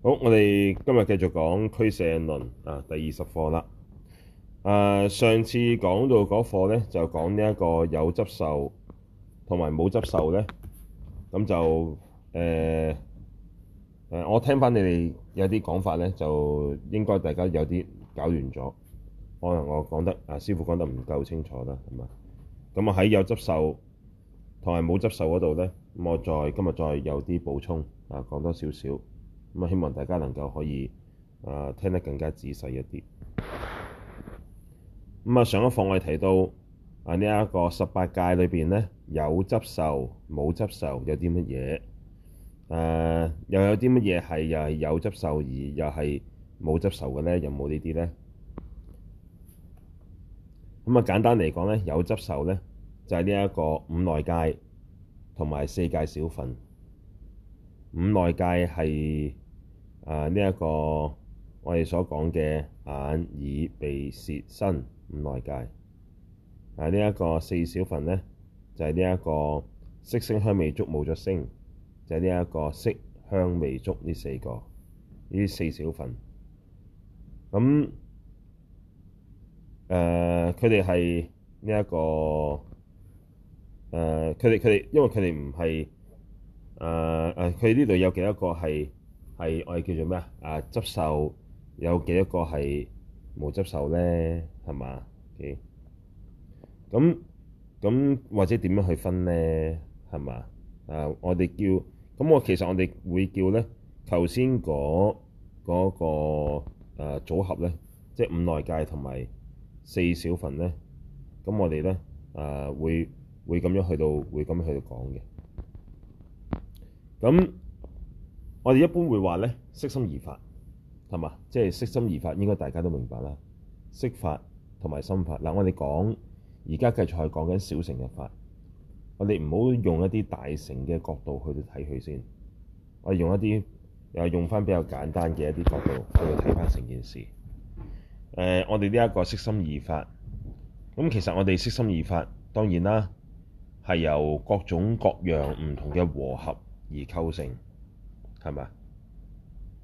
好，我哋今日繼續講俱舍論啊，第二十課啦。啊，上次講到嗰課咧，就講呢一個有執受同埋冇執受咧。咁就誒誒、啊啊，我聽翻你哋有啲講法咧，就應該大家有啲搞亂咗。可能我講得啊，師傅講得唔夠清楚啦，係嘛？咁啊喺有執受同埋冇執受嗰度咧，我再今日再有啲補充啊，講多少少。咁啊，希望大家能夠可以啊、呃、聽得更加仔細一啲。咁、嗯、啊，上一課我哋提到啊、這個、呢一個十八界裏邊咧，有執受、冇執受有啲乜嘢？誒、呃、又有啲乜嘢係又係有執受而又係冇執受嘅咧？有冇呢啲咧？咁、嗯、啊，簡單嚟講咧，有執受咧就係呢一個五內界同埋四界少分。五內界係啊呢一個我哋所講嘅眼耳鼻舌身五內界，啊呢一個四少分咧就係呢一個色聲香味觸冇咗聲，就係呢一個色香味觸呢四個呢四少分，咁誒佢哋係呢一個誒佢哋佢哋因為佢哋唔係。誒誒，佢呢度有幾多個係係我哋叫做咩啊？啊，執受有幾多個係冇執受咧？係嘛？O K。咁、okay. 咁或者點樣去分咧？係嘛？啊、uh，我哋叫咁，我其實我哋會叫咧，頭先嗰嗰個、那個呃、組合咧，即係五內界同埋四少分咧。咁我哋咧誒會會咁樣去到，會咁樣去到講嘅。咁我哋一般會話咧，色心二法係嘛？即係色心二法，應該大家都明白啦。色法同埋心法嗱，我哋講而家繼續係講緊小乘嘅法。我哋唔好用一啲大乘嘅角度去睇佢先，我哋用一啲又用翻比較簡單嘅一啲角度去睇翻成件事。誒、呃，我哋呢一個色心二法咁，其實我哋色心二法當然啦係由各種各樣唔同嘅和合。而構成係嘛？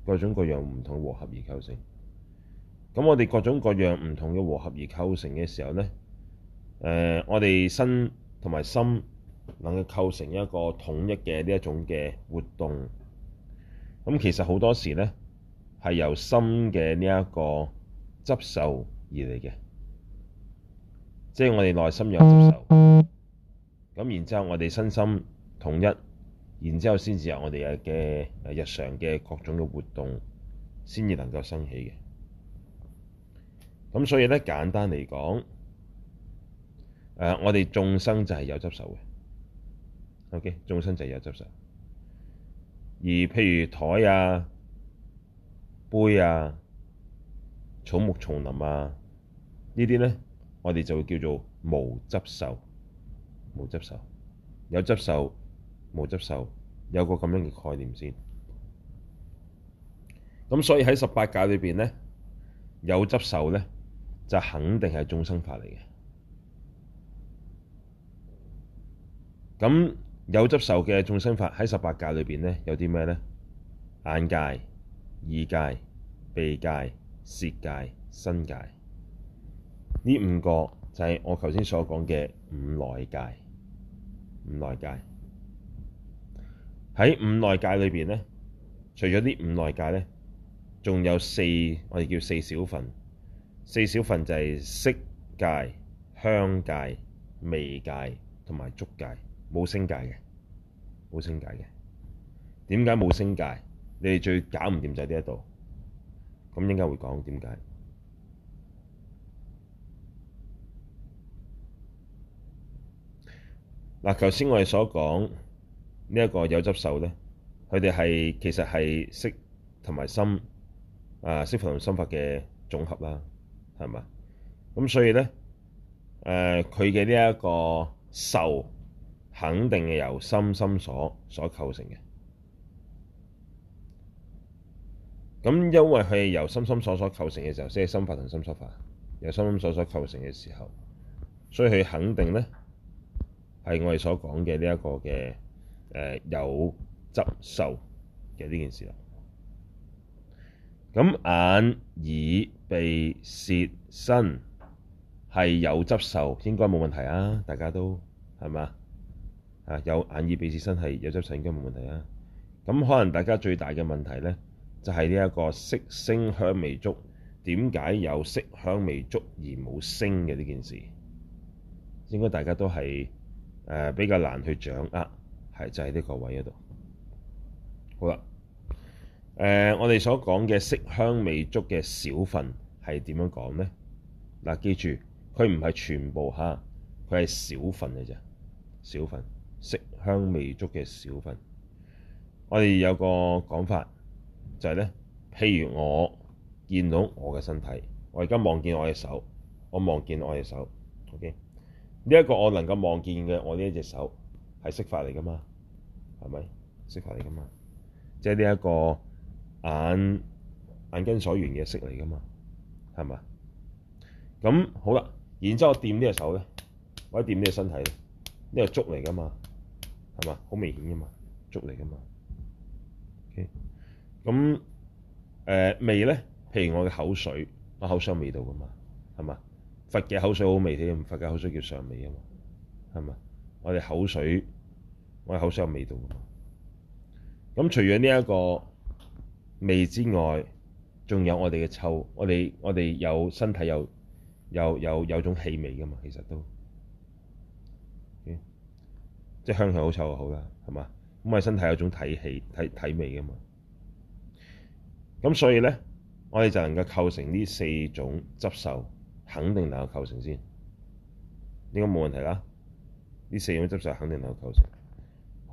各種各樣唔同嘅和合而構成。咁我哋各種各樣唔同嘅和合而構成嘅時候咧，誒、呃，我哋身同埋心能夠構成一個統一嘅呢一種嘅活動。咁其實好多時咧係由心嘅呢一個執受而嚟嘅，即係我哋內心有執受。咁然之後，我哋身心統一。然之後，先至有我哋嘅日常嘅各種嘅活動，先至能夠生起嘅。咁所以咧，簡單嚟講，誒、呃，我哋眾生就係有執受嘅。O.K. 眾生就係有執受，而譬如台啊、杯啊、草木叢林啊呢啲咧，我哋就會叫做無執受，無執受有執受。冇執受有個咁樣嘅概念先，咁所以喺十八界裏邊咧，有執受咧就肯定係眾生法嚟嘅。咁有執受嘅眾生法喺十八界裏邊咧，有啲咩咧？眼界、耳界、鼻界、舌界、身界，呢五個就係我頭先所講嘅五內界，五內界。喺五內界裏邊咧，除咗啲五內界咧，仲有四，我哋叫四少分。四少分就係色界、香界、味界同埋觸界，冇聲界嘅，冇聲界嘅。點解冇聲界？你哋最搞唔掂就係呢一度。咁應該會講點解？嗱，頭先我哋所講。呢一個有執受咧，佢哋係其實係色同埋心啊，色法同心法嘅總合啦，係嘛？咁所以咧，誒佢嘅呢一個受肯定係由心心所所構成嘅。咁因為佢係由心心所所構成嘅時候，即係心法同心所法；由心心所所構成嘅時候，所以佢肯定咧係我哋所講嘅呢一個嘅。誒、呃、有執受嘅呢件事啦，咁眼耳鼻舌身係有執受，應該冇問題啊！大家都係嘛啊？有眼耳鼻舌身係有執受，應該冇問題啊。咁可能大家最大嘅問題咧，就係呢一個色聲香味觸，點解有色香味觸而冇聲嘅呢件事，應該大家都係誒、呃、比較難去掌握。係就喺、是、呢個位嗰度。好啦，誒、呃，我哋所講嘅色香味觸嘅少分係點樣講呢？嗱、呃，記住佢唔係全部吓，佢係少分嘅啫，少分色香味觸嘅少分。我哋有個講法就係、是、呢。譬如我見到我嘅身體，我而家望見我嘅手，我望見我嘅手。OK，呢一個我能夠望見嘅我呢一隻手。係色法嚟噶嘛，係咪？色法嚟噶嘛，即係呢一個眼眼根所緣嘅色嚟噶嘛，係咪？咁好啦，然之後掂呢隻手咧，或者掂呢隻身體咧，呢個觸嚟噶嘛，係嘛？好明顯噶嘛，觸嚟噶嘛。OK，咁誒、呃、味咧，譬如我嘅口水，我口水有味道噶嘛，係嘛？佛嘅口水好味，起唔？佛嘅口水叫上味啊嘛，係咪？我哋口水。我哋口水有味道嘅，咁除咗呢一個味之外，仲有我哋嘅臭，我哋我哋有身體有有有有種氣味㗎嘛。其實都，okay? 即係香氣好臭又好啦，係嘛？咁我哋身體有種體氣體體味㗎嘛。咁所以咧，我哋就能夠構成呢四種執受，肯定能夠構成先，應該冇問題啦。呢四種執受肯定能夠構成。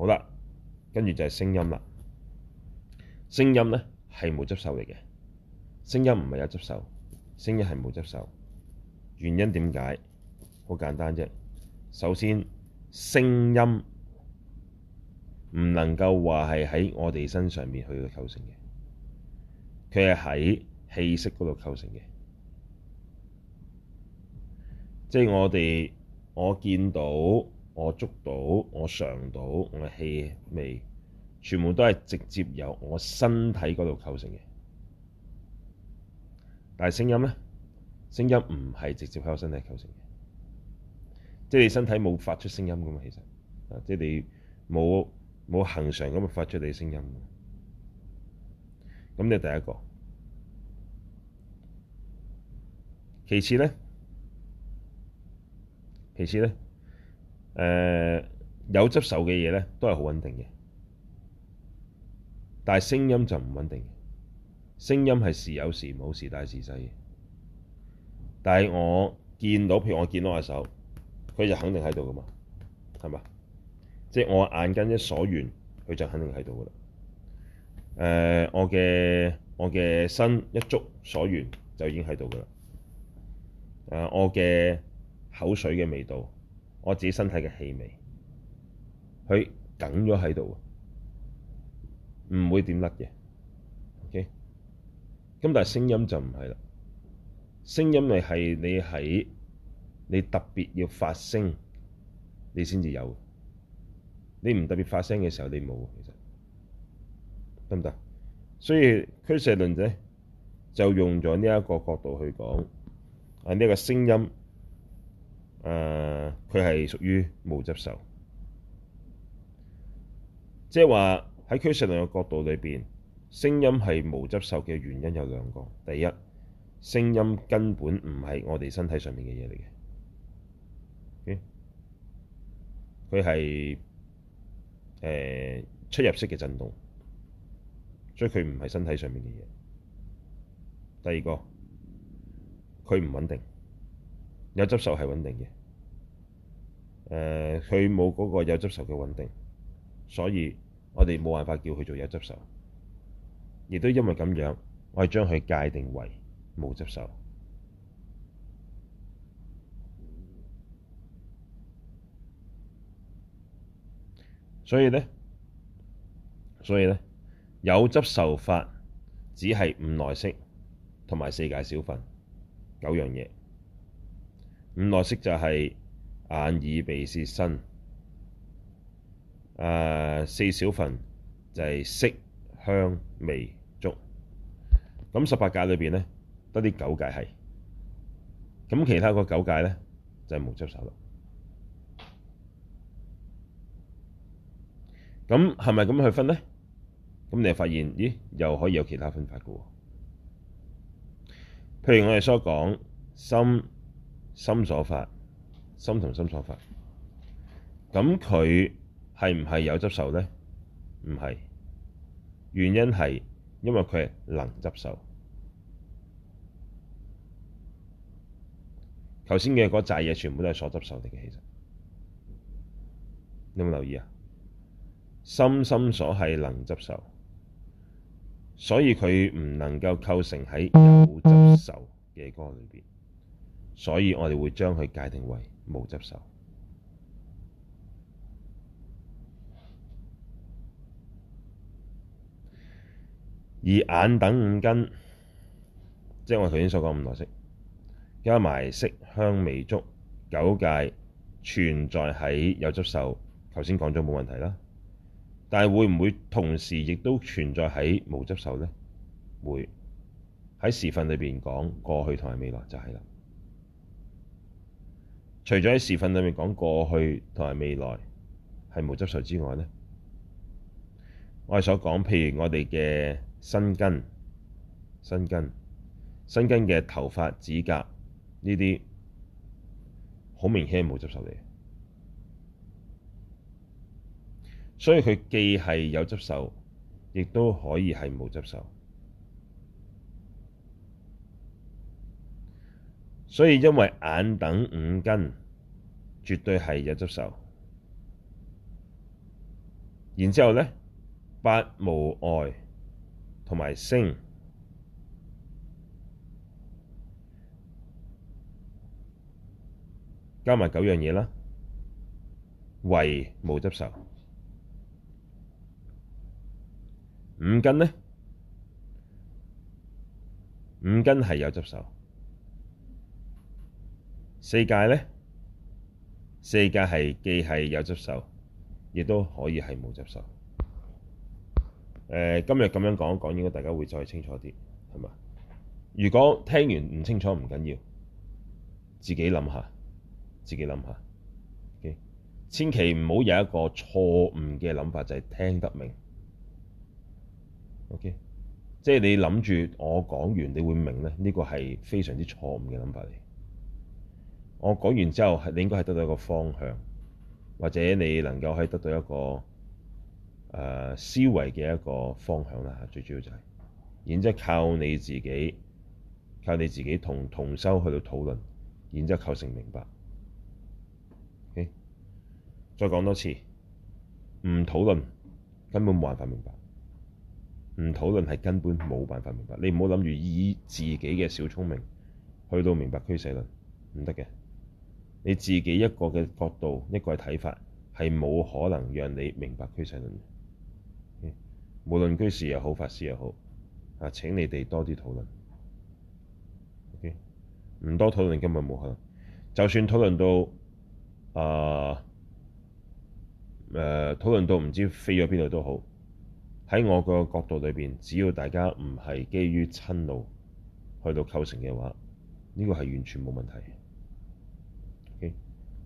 好啦，跟住就係聲音啦。聲音呢係冇執受嚟嘅，聲音唔係有執受，聲音係冇執受。原因點解？好簡單啫。首先，聲音唔能夠話係喺我哋身上邊去構成嘅，佢係喺氣息嗰度構成嘅。即係我哋，我見到。我捉到，我嘗到，我嘅氣味，全部都係直接由我身體嗰度構成嘅。但係聲音呢，聲音唔係直接喺我身體構成嘅，即係你身體冇發出聲音㗎嘛，其實，即係你冇冇恒常咁啊發出你聲音。咁就第一個，其次呢，其次呢。誒、uh, 有執受嘅嘢咧，都係好穩定嘅，但係聲音就唔穩定。聲音係時有時冇，時大時細。但係我見到，譬如我見到隻手，佢就肯定喺度噶嘛，係嘛？即係我眼根一鎖完，佢就肯定喺度噶啦。誒、uh,，我嘅我嘅身一觸鎖完，就已經喺度噶啦。誒、uh,，我嘅口水嘅味道。我自己身體嘅氣味，佢梗咗喺度，唔會點甩嘅。O K，咁但係聲音就唔係啦，聲音咪係你喺你，你特別要發聲，你先至有。你唔特別發聲嘅時候，你冇。其實得唔得？所以俱舍論者就用咗呢一個角度去講，係、這、呢個聲音。誒，佢係、呃、屬於無執受，即係話喺俱舍論上嘅角度裏邊，聲音係無執受嘅原因有兩個。第一，聲音根本唔係我哋身體上面嘅嘢嚟嘅，佢係誒出入息嘅震動，所以佢唔係身體上面嘅嘢。第二個，佢唔穩定。有執受係穩定嘅，誒佢冇嗰個有執受嘅穩定，所以我哋冇辦法叫佢做有執受，亦都因為咁樣，我哋將佢界定為冇執受。所以咧，所以咧，有執受法只係五內界同埋四界少分九樣嘢。五內色就係眼、耳、鼻、舌、身。啊、呃，四少分就係色、香、味、觸。咁十八界裏邊咧，得啲九界係。咁其他個九界咧就係冇執受啦。咁係咪咁去分咧？咁你又發現，咦？又可以有其他分法嘅。譬如我哋所講心。心所法，心同心所法，咁佢係唔係有執受呢？唔係，原因係因為佢係能執受。頭先嘅嗰扎嘢全部都係所執受嚟嘅，其實，有冇留意啊？心心所係能執受，所以佢唔能夠構成喺有執受嘅歌裏邊。所以我哋會將佢界定為無執受。而眼等五根，即係我頭先所講五蘆色，加埋色香味觸，九界存在喺有執受。頭先講咗冇問題啦，但係會唔會同時亦都存在喺無執受呢？會喺時分裏邊講過去同埋未來就係啦。除咗喺時分裏面講過去同埋未來係冇執受之外呢，我哋所講，譬如我哋嘅身根、身根、身根嘅頭髮、指甲呢啲，好明顯冇執受嚟，所以佢既係有執受，亦都可以係冇執受。所以因為眼等五根，絕對係有執受。然之後咧，八無礙同埋聲，加埋九樣嘢啦，為無執受。五根咧，五根係有執受。四界咧，四界係既係有執受，亦都可以係冇執受。誒、呃，今日咁樣講一講，應該大家會再清楚啲，係嘛？如果聽完唔清楚，唔緊要，自己諗下，自己諗下。O.K.，千祈唔好有一個錯誤嘅諗法，就係、是、聽得明。O.K.，即係你諗住我講完，你會明咧，呢個係非常之錯誤嘅諗法嚟。我講完之後，你應該係得到一個方向，或者你能夠係得到一個誒、呃、思維嘅一個方向啦。最主要就係、是，然之後靠你自己，靠你自己同同修去到討論，然之後構成明白。Okay? 再講多次，唔討論根本冇辦法明白，唔討論係根本冇辦法明白。你唔好諗住以自己嘅小聰明去到明白俱舍論，唔得嘅。你自己一個嘅角度，一個睇法，係冇可能讓你明白俱世論嘅。Okay? 無論居士又好，法師又好，啊，請你哋多啲討論。唔、okay? 多討論，根本冇可能。就算討論到啊，誒、啊，討論到唔知飛咗邊度都好，喺我個角度裏邊，只要大家唔係基於親怒去到構成嘅話，呢、這個係完全冇問題。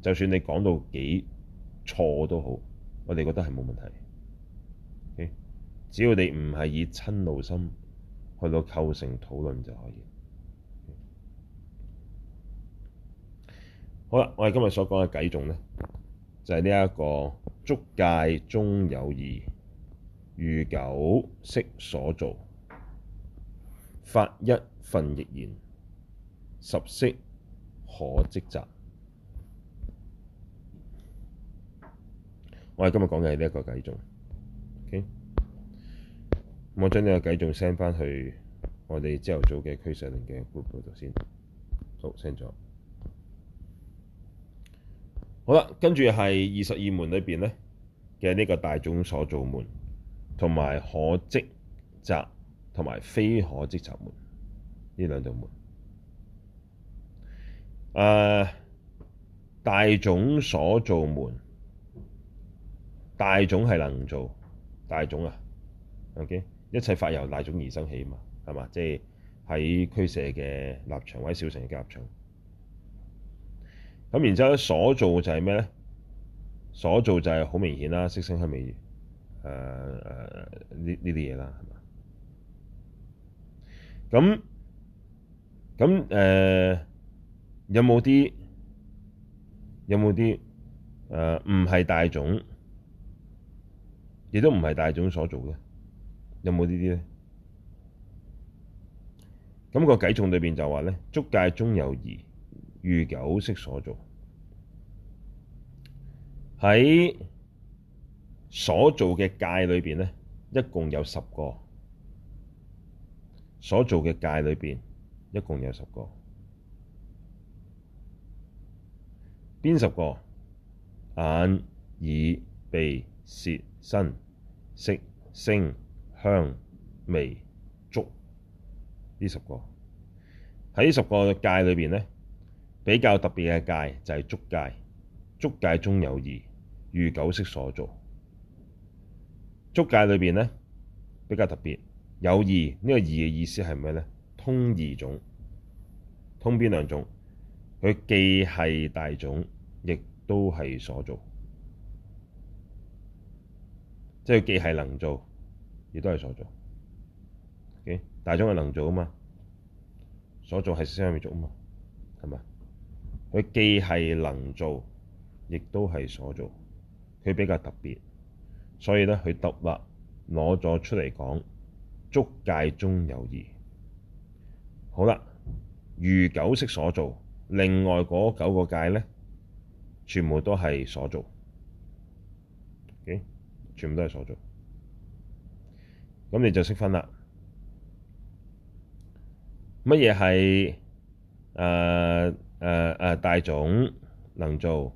就算你講到幾錯都好，我哋覺得係冇問題。Okay? 只要你唔係以親怒心去到構成討論就可以。Okay? 好啦，我哋今日所講嘅偈頌呢，就係呢一個觸界中有二，餘九色所造，法一分亦然，十色可積集。我哋今日講嘅係呢一個偈頌，OK？我將呢個偈頌 send 返去我哋朝頭早嘅區上嘅 group 度先，好 send 咗。好啦，跟住係二十二門裏邊咧嘅呢個大種所造門，同埋可積集同埋非可積集門呢兩道門。誒、呃，大種所造門。大種係能造大種啊，OK，一切法由大種而生起嘛，係嘛？即係喺俱舍嘅立場，或者小乘嘅立場。咁然之後咧，所造就係咩咧？所造就係好明顯啦，色聲香味誒誒呢呢啲嘢啦，係嘛？咁咁誒有冇啲有冇啲誒唔係大種？亦都唔係大種所做咧，有冇呢啲咧？咁個偈頌裏邊就話咧：觸界中有二，餘九色所做。喺所做嘅界裏邊咧，一共有十個。所做嘅界裏邊一共有十個，邊十個？眼、耳、鼻、舌、身。色、聲、香、味、觸，呢十個。喺呢十個界裏邊呢，比較特別嘅界就係觸界。觸界中有二，餘九色所造。觸界裏邊呢，比較特別有二，呢、呢個二嘅意思係咩呢？通二種，通邊兩種？佢既係大種，亦都係所造。即係既係能造，亦都係所造。Okay? 大種係能造啊嘛，所造係雙面做啊嘛，係咪？佢既係能造，亦都係所造，佢比較特別，所以咧佢特兀攞咗出嚟講，觸界中有二。好啦，餘九色所造，另外嗰九個界咧，全部都係所造，全部都係所造，咁你就識分啦。乜嘢係誒誒誒大種能造，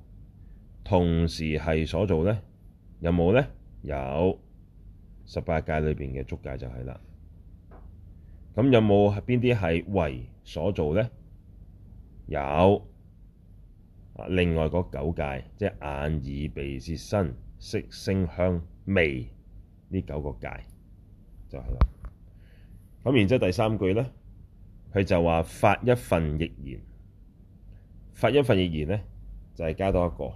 同時係所造咧？有冇咧？有十八界裏邊嘅觸界就係啦。咁有冇邊啲係唯所造咧？有啊，另外嗰九界即係眼耳鼻舌身。色聲香味呢九個界就係、是、啦。咁然之後第三句咧，佢就話法一分亦然。法一分亦然咧，就係、是、加多一個，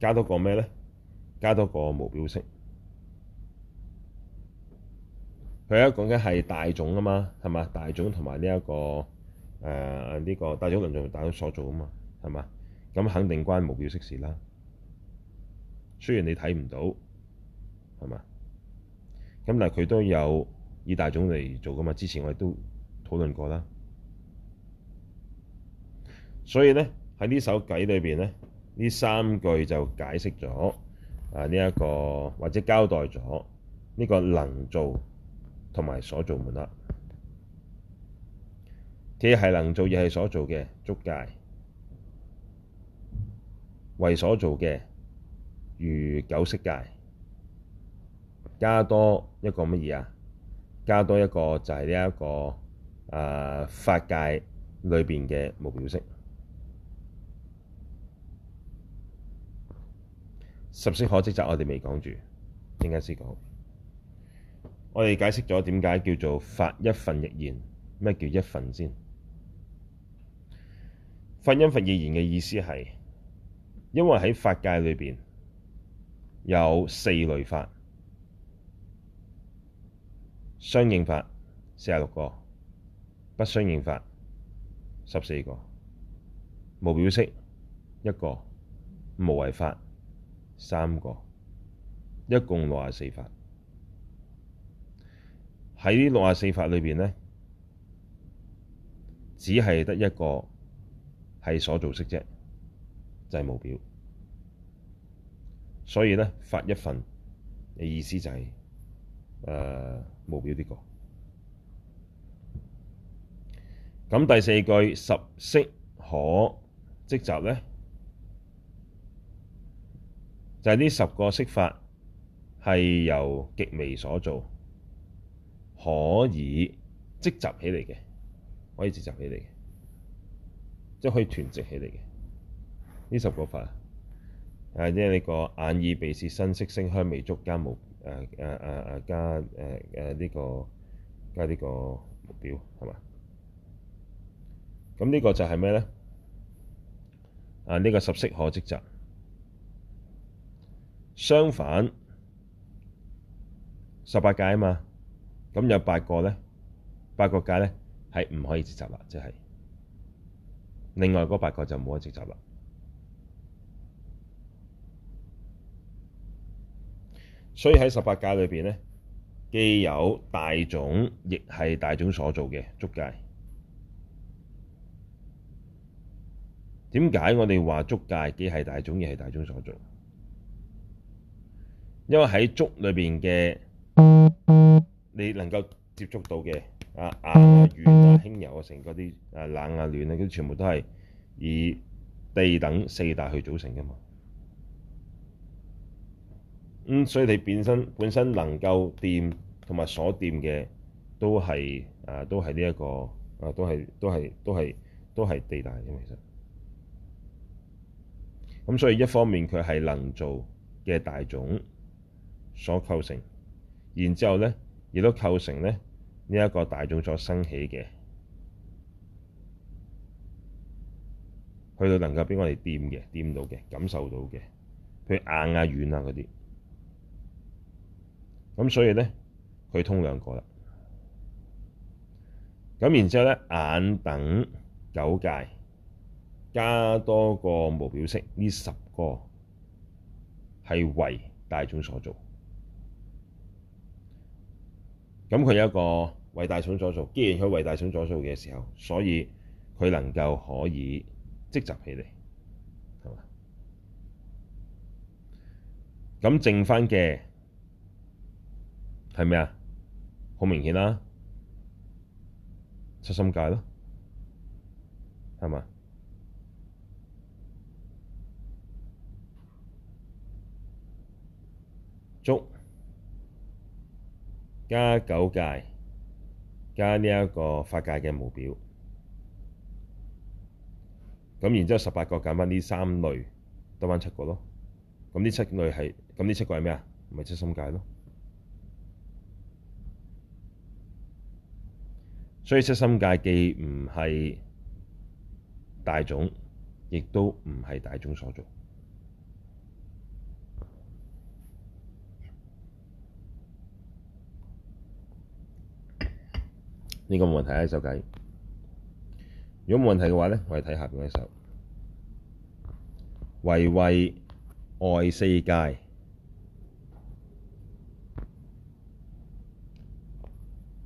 加多個咩咧？加多個無表色。佢而家講緊係大種啊嘛，係、這個呃這個、嘛？大種同埋呢一個誒呢個大種能造大種所造啊嘛，係嘛？咁肯定關無表色事啦。雖然你睇唔到，係嘛？咁但係佢都有以大種嚟做噶嘛。之前我哋都討論過啦，所以呢喺呢首偈裏邊呢，呢三句就解釋咗啊呢一個或者交代咗呢個能造同埋所造門啦。既係能造亦係所造嘅觸界，為所造嘅。如九色界，加多一個乜嘢啊？加多一個就係呢一個誒、呃、法界裏邊嘅無表色。十色可積集，就我哋未講住，陣間先講。我哋解釋咗點解叫做法一分亦然，咩叫一分先？法一分亦然嘅意思係因為喺法界裏邊。有四類法，相應法四十六個，不相應法十四個，無表色一個，無為法三個，一共六十四法。喺呢六十四法裏邊呢，只係得一個係所造色啫，就係、是、無表。所以咧，法一分嘅意思就係、是，誒無表呢個。咁第四句十色可積集咧，就係、是、呢十個色法係由極微所造，可以積集起嚟嘅，可以積集起嚟嘅，即、就、係、是、可以團集起嚟嘅，呢十個法。誒即係呢個眼耳鼻舌身色聲香味觸加無誒誒誒誒加誒誒呢個加呢個目標係嘛？咁呢、嗯這個就係咩咧？啊呢、這個十色可積集，相反十八界啊嘛，咁有八個咧，八個界咧係唔可以積集啦，即、就、係、是、另外嗰八個就冇可以積集啦。所以喺十八界裏邊咧，既有大種，亦係大種所造嘅觸界。點解我哋話觸界既係大種，亦係大種所造？因為喺觸裏邊嘅，你能夠接觸到嘅啊硬啊軟啊輕柔啊成嗰啲啊冷啊暖啊，嗰啲全部都係以地等四大去組成噶嘛。咁、嗯、所以你變，你本身本身能夠掂同埋所掂嘅，都係誒，都係呢一個啊，都係、這個啊、都係都係都係地大嘅。其實咁，所以一方面佢係能造嘅大種所構成，然之後咧，亦都構成咧呢一個大種所生起嘅，去到能夠畀我哋掂嘅、掂到嘅、感受到嘅，佢硬啊、軟啊嗰啲。咁所以呢，佢通兩個啦。咁然之後呢，眼等九界加多個無表色呢十個係為大種所造。咁佢有一個為大種所造，既然佢為大種所造嘅時候，所以佢能夠可以積集起嚟，係嘛？咁剩翻嘅。係咩啊？好明顯啦，七心界咯，係嘛？觸加九界加呢一個法界嘅無表，咁然之後十八個減翻呢三類，得翻七個咯。咁呢七類係？咁呢七個係咩啊？咪七心界咯。所以七心界既唔係大種，亦都唔係大種所做。呢個冇問題啊，手計。如果冇問題嘅話咧，我哋睇下邊一首。謂唯外四界，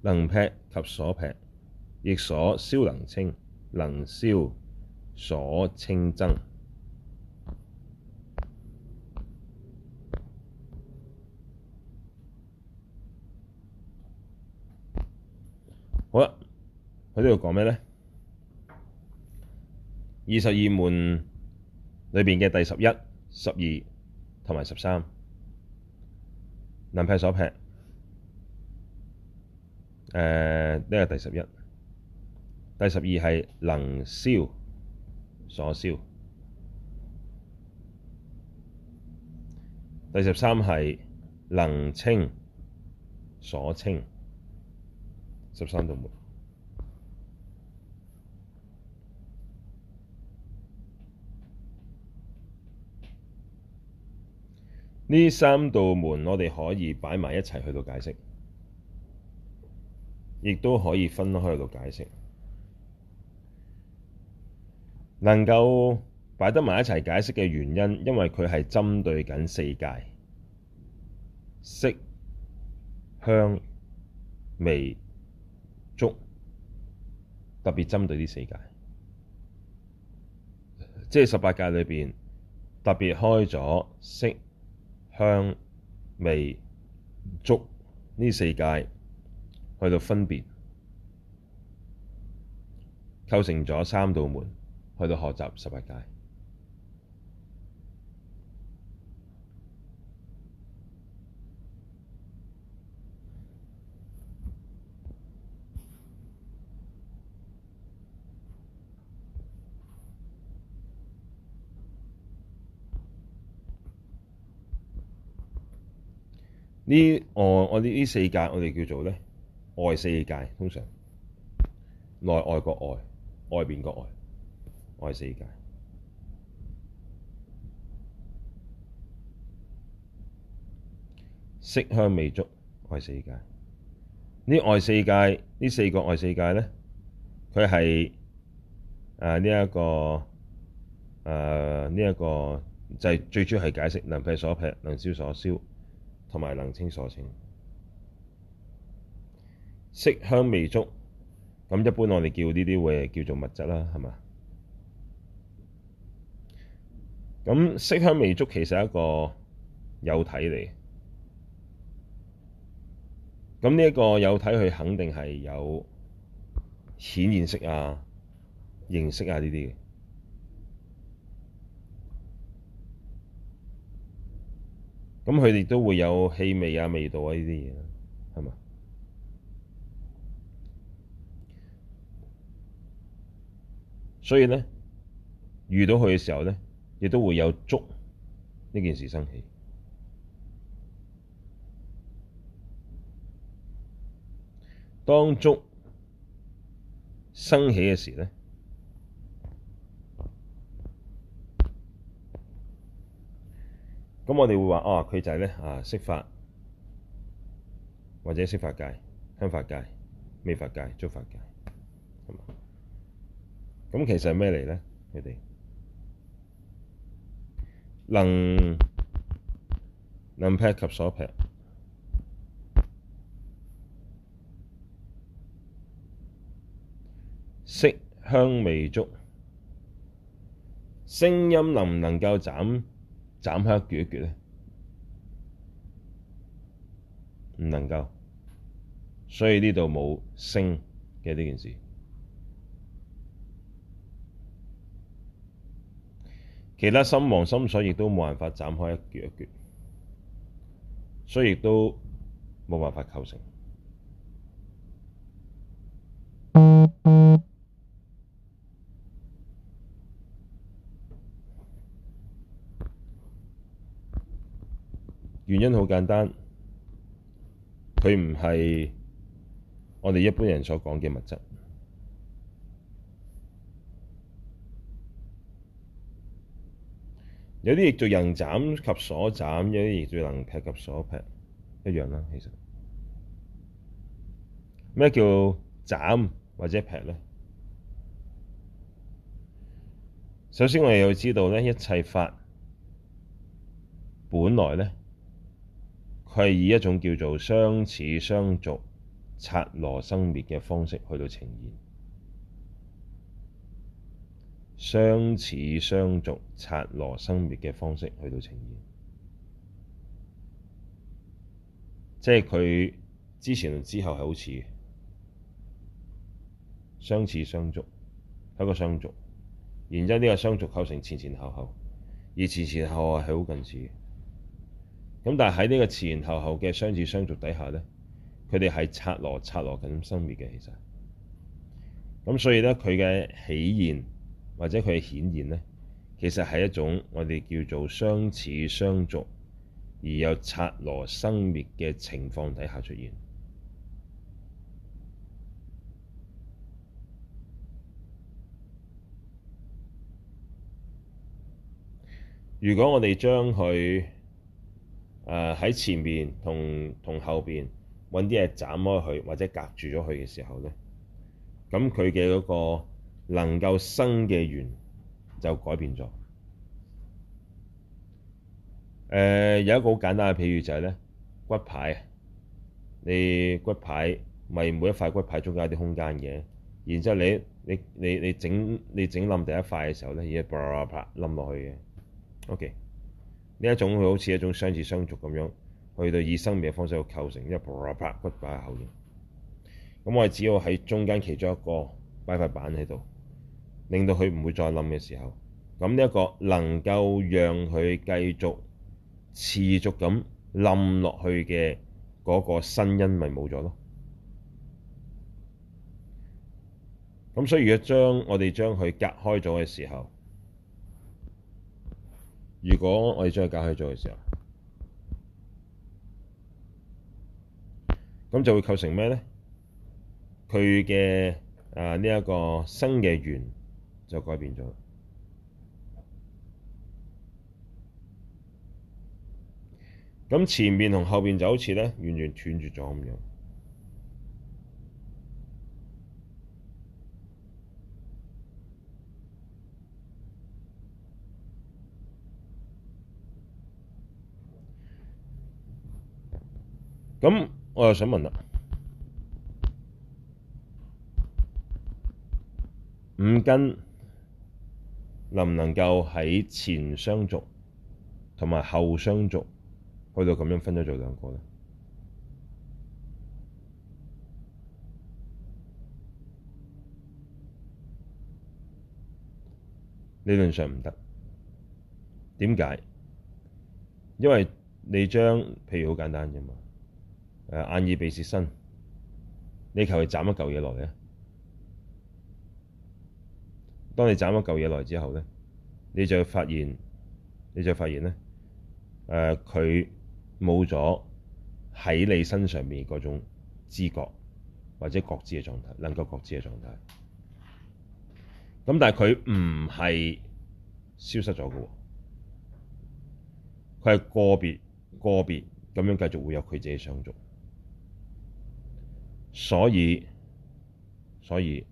能劈及所劈，亦所燒能稱，能燒所稱諍。好啦，喺呢度講咩咧？二十二門裏邊嘅第十一、十二同埋十三，能劈所劈。誒，呢個第十一。第十二係能燒所燒，第十三係能稱所稱，十三道門。呢三道門，我哋可以擺埋一齊去到解釋，亦都可以分開去到解釋。能夠擺得埋一齊解釋嘅原因，因為佢係針對緊四界，色、香、味、觸。特別針對呢四界，即係十八界裏邊，特別開咗色、香、味、觸呢四界，去到分別構成咗三道門。去到學習十八界、哦、呢，我呢四界，我哋叫做咧外四界。通常內外個外，外邊個外。外四界，色香味觸，外四界，界，界呢？外四界呢四個外四界呢，佢係呢一個呢一個就係、是、最主要係解釋能劈所劈，能燒所燒，同埋能稱所稱，色香味觸。咁一般我哋叫呢啲會叫做物質啦，係嘛？咁色香味足其實係一個有體嚟，咁呢一個有體佢肯定係有顯色啊、形色啊呢啲嘅，咁佢哋都會有氣味啊、味道啊呢啲嘢，係嘛？所以咧，遇到佢嘅時候咧。亦都會有觸呢件事生起，當觸生起嘅時咧，咁我哋會話、哦、啊，佢就係咧啊，色法或者色法界、香法界、味法界、觸法界，係咁其實係咩嚟咧？佢哋？能能劈及所劈，色、香、味、觸，聲音能唔能夠斬斬黑結結咧？唔能夠，所以呢度冇聲嘅呢件事。其他心王心所亦都冇辦法斬開一橛一橛，所以亦都冇辦法構成。 原因好簡單，佢唔係我哋一般人所講嘅物質。有啲亦叫做能斬及所斬，有啲亦叫做能劈及所劈，一樣啦。其實咩叫斬或者劈呢？首先我哋要知道呢一切法本來呢，佢係以一種叫做相似相續、剎那生滅嘅方式去到呈現。相似相續剎那生滅嘅方式去到呈現，即係佢之前同之後係好似嘅相似相續，係一個相續，然之後呢個相續構成前前後後，而前前後後係好近似嘅。咁但係喺呢個前前後後嘅相似相續底下咧，佢哋係剎那剎那咁生滅嘅。其實咁所以咧，佢嘅起源。或者佢顯現咧，其實係一種我哋叫做相似相續，而又剎那生滅嘅情況底下出現。如果我哋將佢誒喺前面同同後邊揾啲嘢斬開佢，或者隔住咗佢嘅時候咧，咁佢嘅嗰個。能夠生嘅緣就改變咗，啊。誒有一個好簡單嘅譬喻就係咧，骨牌啊，你骨牌咪每一塊骨牌中間有啲空間嘅，然之後你你你你整你整冧第一塊嘅時候咧，已經啪冧落去嘅。呃呃呃呃 educator. OK 呢一種會好似一種相似相續咁樣，去到以生命嘅方式去構成，一啪、呃呃、骨牌後面。咁我哋只要喺中間其中一個擺塊板喺度，令到佢唔會再冧嘅時候，咁呢一個能夠讓佢繼續持續咁冧落去嘅嗰個新因咪冇咗咯？咁所以如果將我哋將佢隔開咗嘅時候，如果我哋將佢隔開咗嘅時候，咁就會構成咩咧？佢嘅啊呢一個新嘅緣。就改變咗，咁前面同後面就好似呢，完全斷絕咗咁樣。咁我又想問啦，五根。能唔能夠喺前雙足同埋後雙足去到咁樣分咗做兩個呢？理論上唔得，點解？因為你將，譬如好簡單啫嘛，誒眼耳鼻舌身，你求其斬一嚿嘢落嚟啊！當你斬咗嚿嘢落嚟之後咧，你就會發現，你就會發現咧，誒佢冇咗喺你身上邊嗰種知覺或者覺知嘅狀態，能夠覺知嘅狀態。咁、嗯、但係佢唔係消失咗嘅喎，佢係個別個別咁樣繼續會有佢自己嘅相續。所以，所以。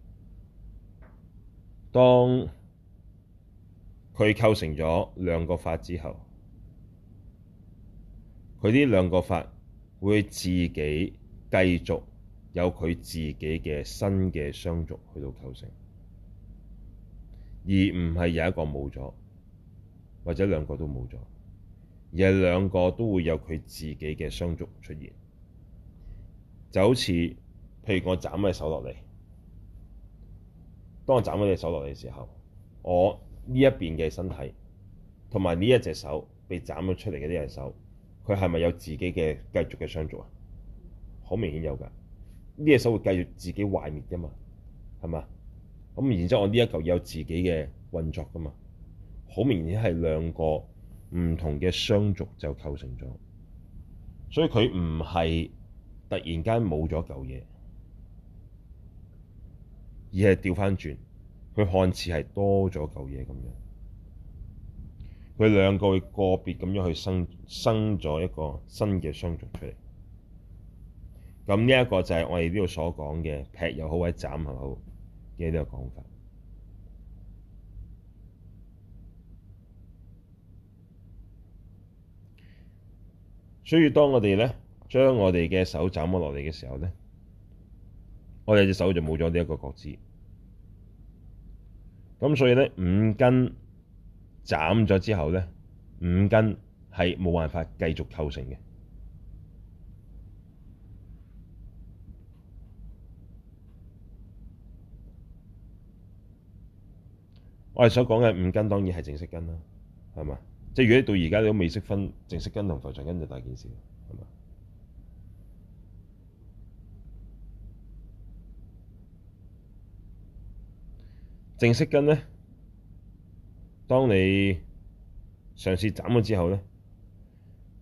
當佢構成咗兩個法之後，佢啲兩個法會自己繼續有佢自己嘅新嘅相續去到構成，而唔係有一個冇咗，或者兩個都冇咗，而係兩個都會有佢自己嘅相續出現，就好似譬如我斬喺手落嚟。當我斬咗隻手落嚟嘅時候，我呢一邊嘅身體同埋呢一隻手被斬咗出嚟嘅呢隻手，佢係咪有自己嘅繼續嘅相續啊？好明顯有㗎，呢隻手會繼續自己壞滅㗎嘛，係嘛？咁然之後我呢一嚿有自己嘅運作㗎嘛，好明顯係兩個唔同嘅相續就構成咗，所以佢唔係突然間冇咗嚿嘢。而係調返轉，佢看似係多咗嚿嘢咁樣，佢兩個會個別咁樣去生生咗一個新嘅雙族出嚟。咁呢一個就係我哋呢度所講嘅劈又好，或者斬又好嘅呢個講法。所以當我哋咧將我哋嘅手斬咗落嚟嘅時候咧。我哋隻手就冇咗呢一個覺知，咁所以咧五根斬咗之後咧，五根係冇辦法繼續構成嘅。我哋所講嘅五根當然係正式根啦，係嘛？即係如果到而家你都未識分正式根同浮上根，就大件事。淨色根呢，當你嘗試斬咗之後呢，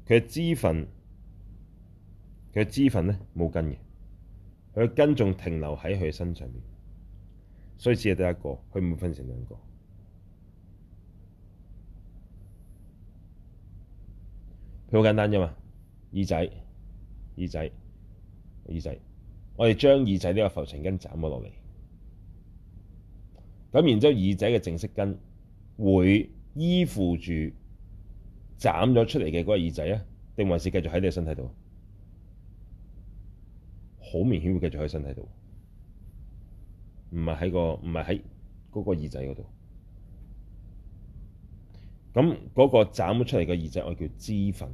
佢嘅支分，佢嘅支分呢，冇根嘅，佢嘅根仲停留喺佢身上邊，所以只係得一個，佢唔會分成兩個。佢好簡單啫嘛，耳仔、耳仔、耳仔，我哋將耳仔呢個浮塵根斬咗落嚟。咁然之後耳，耳仔嘅淨色根會依附住斬咗出嚟嘅嗰個耳仔啊，定還是繼續喺你嘅身體度？好明顯會繼續喺身體度，唔係喺個唔係喺嗰個耳仔嗰度。咁嗰個斬咗出嚟嘅耳仔，我叫脂粉，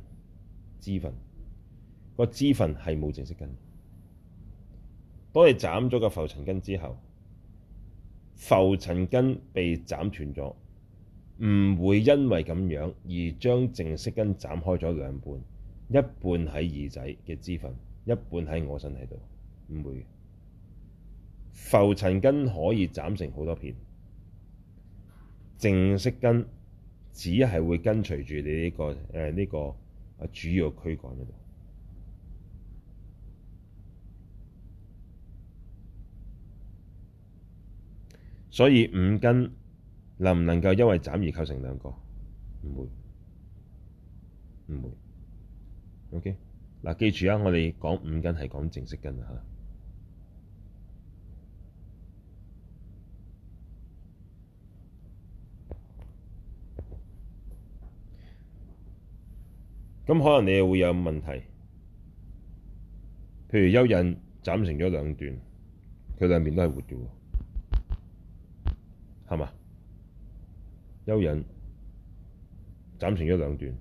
脂粉、個脂粉係冇淨色根。當你斬咗個浮塵根之後。浮塵根被斬斷咗，唔會因為咁樣而將淨色根斬開咗兩半，一半喺耳仔嘅支分，一半喺我身體度，唔會嘅。浮塵根可以斬成好多片，淨色根只係會跟隨住你呢、這個誒呢、呃這個主要軀幹嗰度。所以五根能唔能夠因為斬而構成兩個？唔會，唔會。OK，嗱，記住啊，我哋講五根係講正式根啊吓。咁可能你又會有問題，譬如蚯蚓斬成咗兩段，佢兩面都係活嘅喎。係嘛？蚯蚓斬成咗兩段，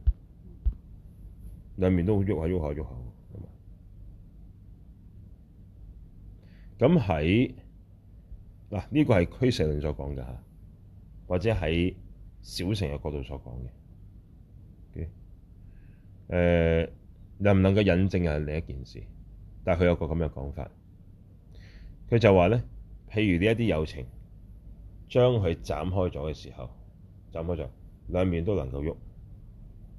兩面都喐下喐下喐下。咁喺嗱呢個係俱舍人所講嘅嚇，或者喺小乘嘅角度所講嘅。誒、okay? 呃、能唔能夠引證係另一件事，但係佢有個咁嘅講法，佢就話咧，譬如呢一啲有情。將佢斬開咗嘅時候，斬開咗兩面都能夠喐。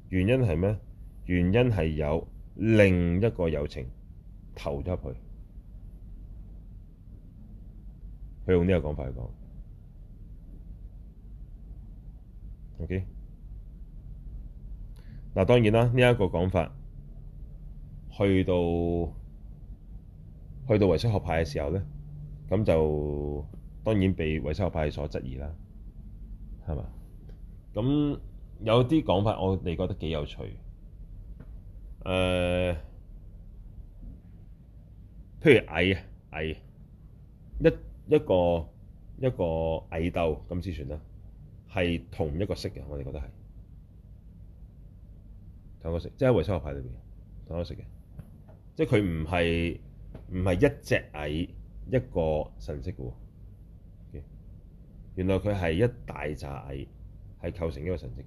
原因係咩？原因係有另一個有情投咗入去。佢用呢個講法講。OK，嗱當然啦，呢一個講法去到去到唯識學派嘅時候咧，咁就。當然被維修派所質疑啦，係嘛？咁有啲講法，我哋覺得幾有趣。誒、呃，譬如蟻啊，蟻，一一個一個蟻竇咁先算啦，係同一個色嘅。我哋覺得係同一個色。即係維修學派裏邊同一個色嘅，即係佢唔係唔係一隻蟻一個神色嘅喎。原來佢係一大紮蟻係構成一個神跡嘅，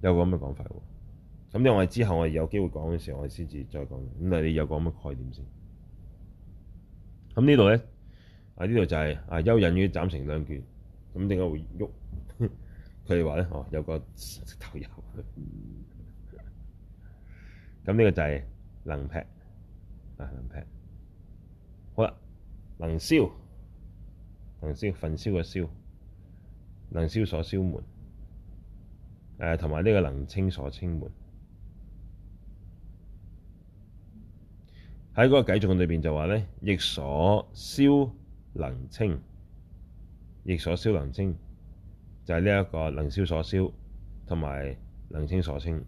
有個咁嘅講法喎。咁因為之後我哋有機會講嘅時候，我哋先至再講。咁但係你有個咁嘅概念先。咁呢度咧啊，呢度就係、是、啊，蚯蚓要斬成兩橛，咁點解會喐？佢哋話咧哦，有個投入去。咁 呢個就係能劈啊，能劈好啦，能燒。能燒，焚燒嘅燒，能燒所燒門，誒、呃，同埋呢個能稱所稱門，喺嗰個偈頌裏邊就話呢，亦所燒能稱，亦所燒能稱，就係呢一個能燒所燒，同埋能稱所稱，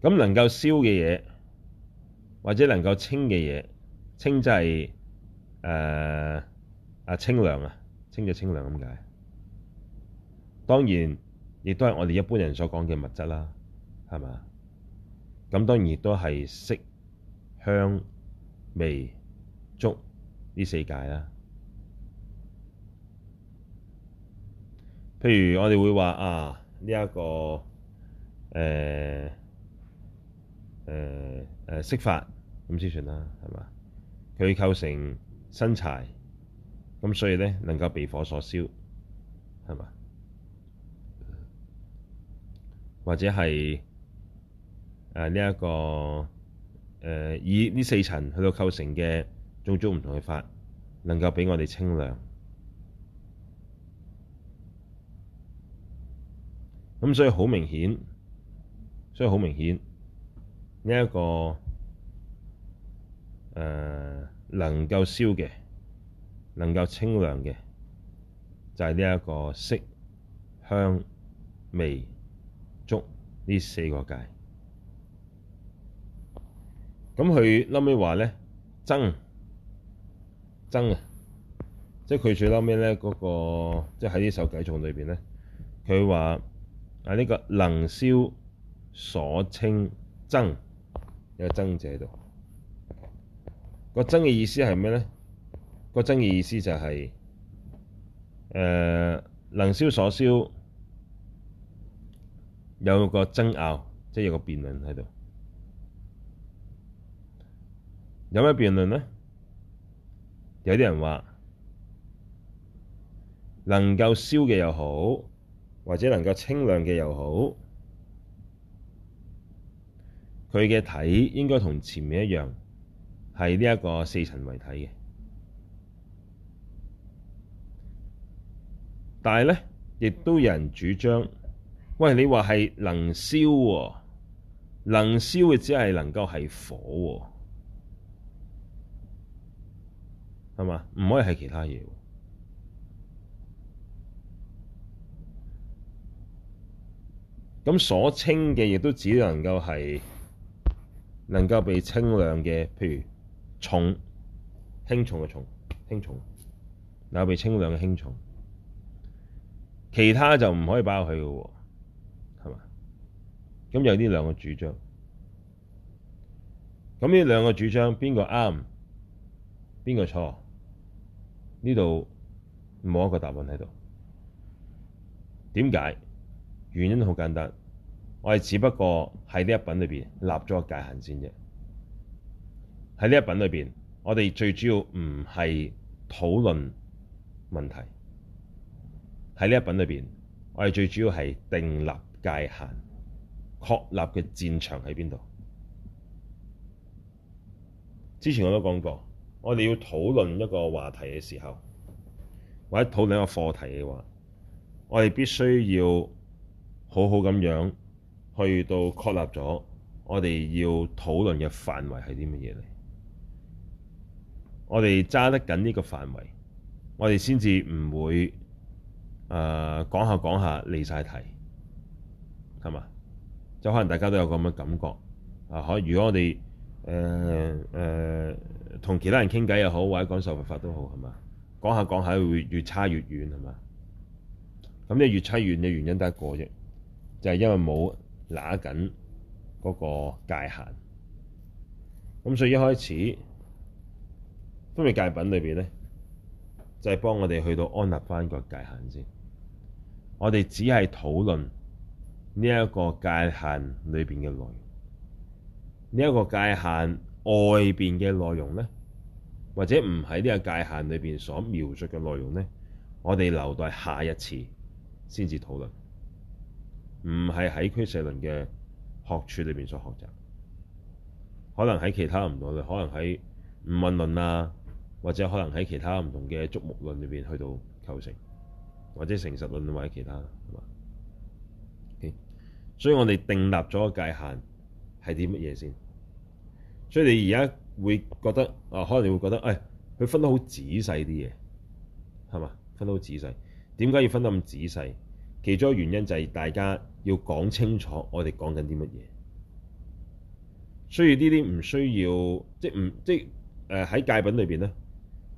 咁能夠燒嘅嘢。或者能夠清嘅嘢，清就係、是呃啊、清涼啊，清就清涼咁解。當然，亦都係我哋一般人所講嘅物質啦，係嘛？咁當然亦都係色、香、味、觸呢四界啦。譬如我哋會話啊，呢、這、一個、呃誒誒，色、呃呃、法咁先算啦，係嘛？佢構成薪柴，咁所以咧能夠被火所燒，係嘛？或者係誒呢一個誒、呃、以呢四塵去到構成嘅種種唔同嘅法，能夠畀我哋清涼。咁所以好明顯，所以好明顯。呢一，這個誒能夠燒嘅，能夠清涼嘅，就係呢一個色香味觸呢四個界。咁佢撈尾話咧，諍諍啊！即係佢最撈尾咧嗰個，即係喺呢首偈頌裏邊咧，佢話啊呢，這個能燒所稱諍。有爭喺度，個爭嘅意思係咩咧？個爭嘅意思就係、是，誒、呃、能燒所燒，有個爭拗，即係有個辯論喺度。有咩辯論咧？有啲人話能夠燒嘅又好，或者能夠清涼嘅又好，佢嘅體應該同前面一樣，係呢一個四塵為體嘅。但係咧，亦都有人主張，喂，你話係能燒喎、哦，能燒嘅只係能夠係火喎、哦，係嘛？唔可以係其他嘢。咁所稱嘅亦都只能夠係能夠被稱量嘅，譬如重輕重嘅重，輕重，重，那被稱量嘅輕重，其他就唔可以包入去嘅喎，係嘛？咁有呢兩個主張，咁呢兩個主張邊個啱，邊個錯？呢度冇一個答案喺度，點解？原因好簡單。我哋只不過喺呢一品裏邊立咗個界限先啫。喺呢一品裏邊，我哋最主要唔係討論問題。喺呢一品裏邊，我哋最主要係訂立界限、確立嘅戰場喺邊度。之前我都講過，我哋要討論一個話題嘅時候，或者討論一個課題嘅話，我哋必須要好好咁樣。去到確立咗我哋要討論嘅範圍係啲乜嘢嚟，我哋揸得緊呢個範圍，我哋先至唔會誒、呃、講下講下離晒題，係嘛？即係可能大家都有咁嘅感覺啊！可如果我哋誒誒同其他人傾偈又好，或者講授佛法都好，係嘛？講下講下會越差越遠，係嘛？咁呢越差越遠嘅原因得一個啫，就係、是、因為冇，拿緊嗰個界限，咁所以一開始分別界品裏邊咧，就係幫我哋去到安立翻個界限先。我哋只係討論呢一個界限裏邊嘅內容，呢一個界限外邊嘅內容咧，或者唔喺呢個界限裏邊所描述嘅內容咧，我哋留待下一次先至討論。唔係喺俱舍論嘅學處裏邊所學習，可能喺其他唔同嘅，可能喺五問論啊，或者可能喺其他唔同嘅竹木論裏邊去到構成，或者成實論或者其他，係嘛，okay? 所以我哋定立咗個界限係啲乜嘢先？所以你而家會覺得啊，可能你會覺得，誒、哎，佢分得好仔細啲嘢，係嘛？分得好仔細，點解要分得咁仔細？其中一個原因就係大家要講清楚，我哋講緊啲乜嘢，所以呢啲唔需要，即係唔即係誒喺界品裏邊咧，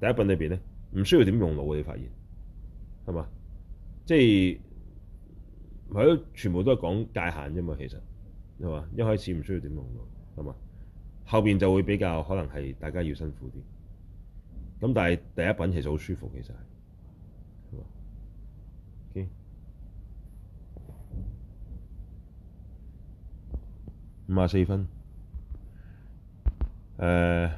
第一品裏邊咧，唔需要點用腦，你發現係嘛？即係係囉，全部都係講界限啫嘛，其實係嘛？一開始唔需要點用腦，係嘛？後邊就會比較可能係大家要辛苦啲，咁但係第一品其實好舒服，其實係。五十四分，uh,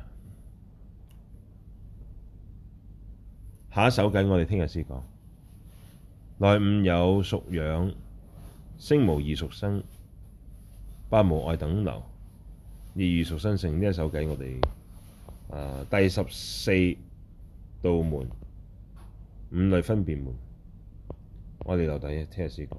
下一首偈，我哋聽日先講。內五有熟養，聲無異熟生，八無礙等流，亦異熟生性。呢一首偈，我哋、uh, 第十四道門五類分別門，我哋留低聽日先講。